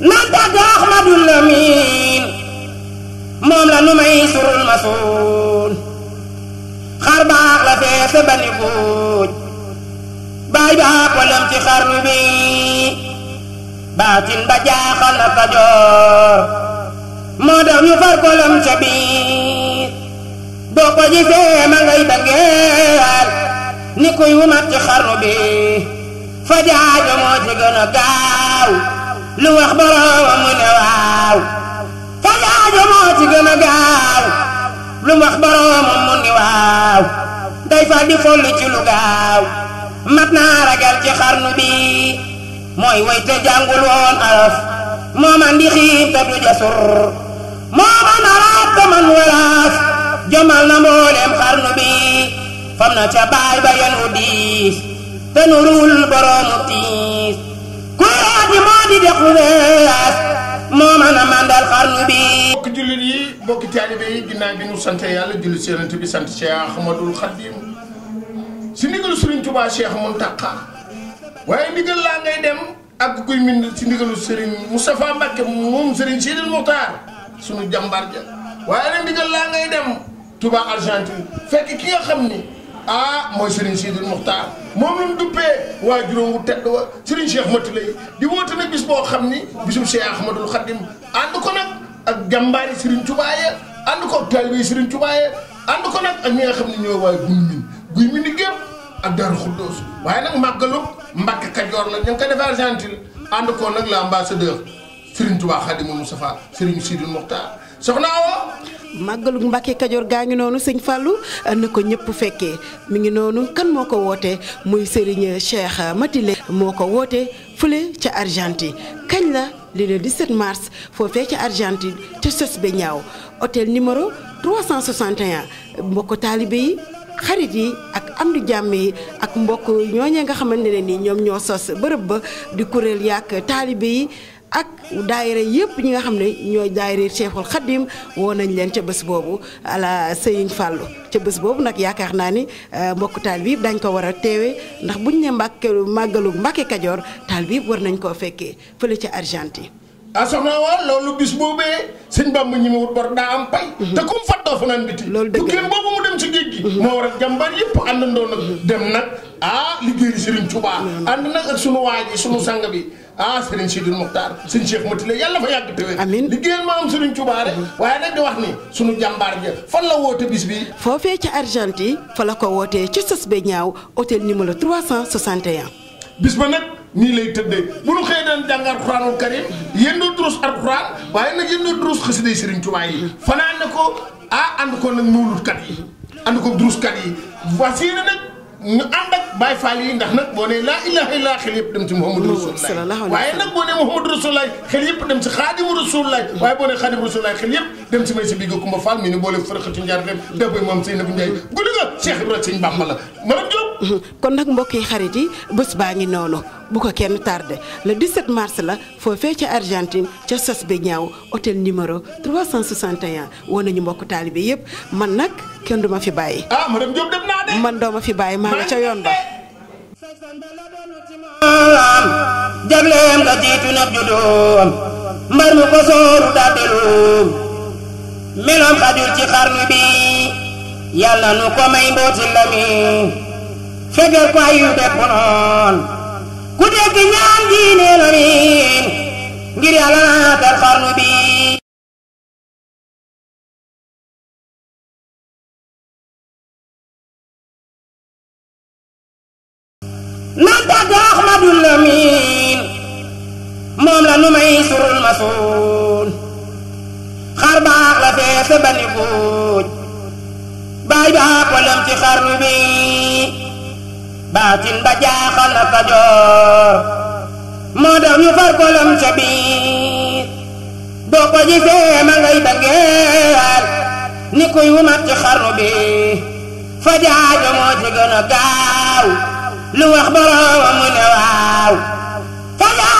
màggat Ahmadul Amin moom la nu may surul xar baax la feese ba ni buuj baay baa ko lem ci xarnu bi baatin ba jaaxal na Kajoor moo tax ñu far ko lem ca biir boo ko gisee ma ngay bangeal ni kuy wumat ci xarnu bi fa jaajo moo ci gën a gaaw lu wax borooma mu ne waaw fa yaaja moo ci gën gaaw lu wax borooma mu ne waaw day fa di foll ci lu gaaw mat naa ragal ci xarnu bi mooy way te jàngul woon araf moo man di xiim te du jasur moo man araab te man walaaf jomal na mbooleem xarnu bi fam na ca baay ba yenu diis te nurul boroomu tiis ji moo di dexu wees moo mën a mandal xarnu bi bokki jullit yi bokki taalibe yi ginnaaw bi ñu sante yàlla julli si yonent bi sant Cheikh Ahmadul Khadim si ndigalu Serigne Touba Cheikh Mountakha waaye ndigal laa ngay dem ak kuy mbind si ndigalu Serigne Moustapha Mbacke moom Serigne Sidil Muxtaar sunu jàmbaar ja waaye nag ndigal laa ngay dem Touba Argentine fekk ki nga xam ni ah mooy Serigne Sidil Muxtaar moom lañ duppee waa juróom wu tedd wa Serigne Cheikh Mati lay di woote nag bis boo xam ni bisum Cheikh Ahmadul Xadim ànd ko nag ak jàmbaari Serigne Touba ya ànd ko ak taalibe Serigne Touba ya ànd ko nag a ñi nga xam ne ñooy waaye guy min guy min di gépp ak Daaru Xuddoos waaye nag màggalu Mbàkke Kajoor la ñu ngi ko defee Argentine ànd ko nag la ambassadeur Serigne Touba Xadimul Mustafa Serigne Sidil Muxtaar soxna woo màggalu Mbàkke Kajoor gaa ngi noonu sëñ Fallou na ko ñëpp fekkee mu ngi noonu kan moo ko wootee muy Serigne Cheikh Matile moo ko wootee fële ca Argentine kañ la li le 17 mars foofee ca Argentine ca Sos Beñaaw hôtel numéro 361 mbokk taalibe yi xarit yi ak am jàmm yi ak mbokk ñooñee nga xamante ne ni ñoom ñoo sos bërëb ba di kuréel yaak taalibe yi ak daayira yëpp ñi nga xam ne ñooy daayira Cheikhul Khadim woo nañ leen ca bés boobu ala Sëriñ Fàllu ca bés boobu nag yaakaar naa ni euh, mbokku taal bi dañ ko war a teewee ndax buñ ne mbàkke màggalu Mbàkke Kajoor taal bi war nañ koo fekkee fële ca Argentine ah soxna waa loolu bis boobee sëñ Bàmba ñi ma wut bor daa am pay mhm. te ku mu fattoo fanaan biti tukkeem boobu mu dem ci géej gi mhm. moo war ak jàmbaar yëpp àndandoo nag mhm. dem nag ah ak sunu waay ji sunu sang bi ah Sëriñ Sidil Muxtaar sëñ Cheikh Matile yàlla fa yàgg tëwee amiin liggéeyal am Sëriñ Tuubaa rek waaye nag di wax ni sunu jàmbaar ja fan la woote bis bi foofee ca Argentine fa la ko wootee ci sës be ñaaw hôtel numéro 361 bis ba nag nii lay tëddee bu nu xëyee daan jàng alxuraanul karim yendoo durus alxuraan waaye nag yendoo durus xasiday Sëriñ Tuubaa yi fanaan na ko ah ànd ko nag mawludkat yi ànd ko duruskat yi fas yéene nag ñu ànd ak Baay Faal yi ndax nag boo nee laa ilaaha illallaa xel yëpp dem ci Muhammadu Rasulullah waaye nag boo nee Muhammadu Rasulullah xel yëpp dem ci Xaadimu Rasulullah waaye boo nee Xaadimu Rasulullah may si biir Kumba Fall mi ni boole fërëxatu njaar dem def ba moom Seynabou kon nag mbokk xarit yi bés baa ngi noonu bu ko kenn tardé le 17 mars la foofee ca Argentine ca Sos be ñaaw hôtel numéro 361 woo nañu mbokk taalibe yëpp man nag kenn du ma fi bàyyi. Ah, man doo ma fi bàyyi maa nga ca yoon ba. jagleem nga jiitu nag juddoom mbar mu ko sooru daa meloom xajul ci xarnu bi yàlla nu ko may mbooti la mi fegal ko ay yu def xoloon ku dégg ñaan diine la niin ngir yàlla naatal xarnu bi nan tàgg Ahmadul Lamin moom la nu may surul masuul xar baax la fees ba ni guuj baay baax walam ci xarnu bi baatin ba jaaxal na Kajoor moo tax ñu far kolom ca biir boo ko gisee ma ngay dangeer ni kuy wumat ci xarnu bi fa jaajo moo ci gën a gaaw lu wax boroomam mu ne waaw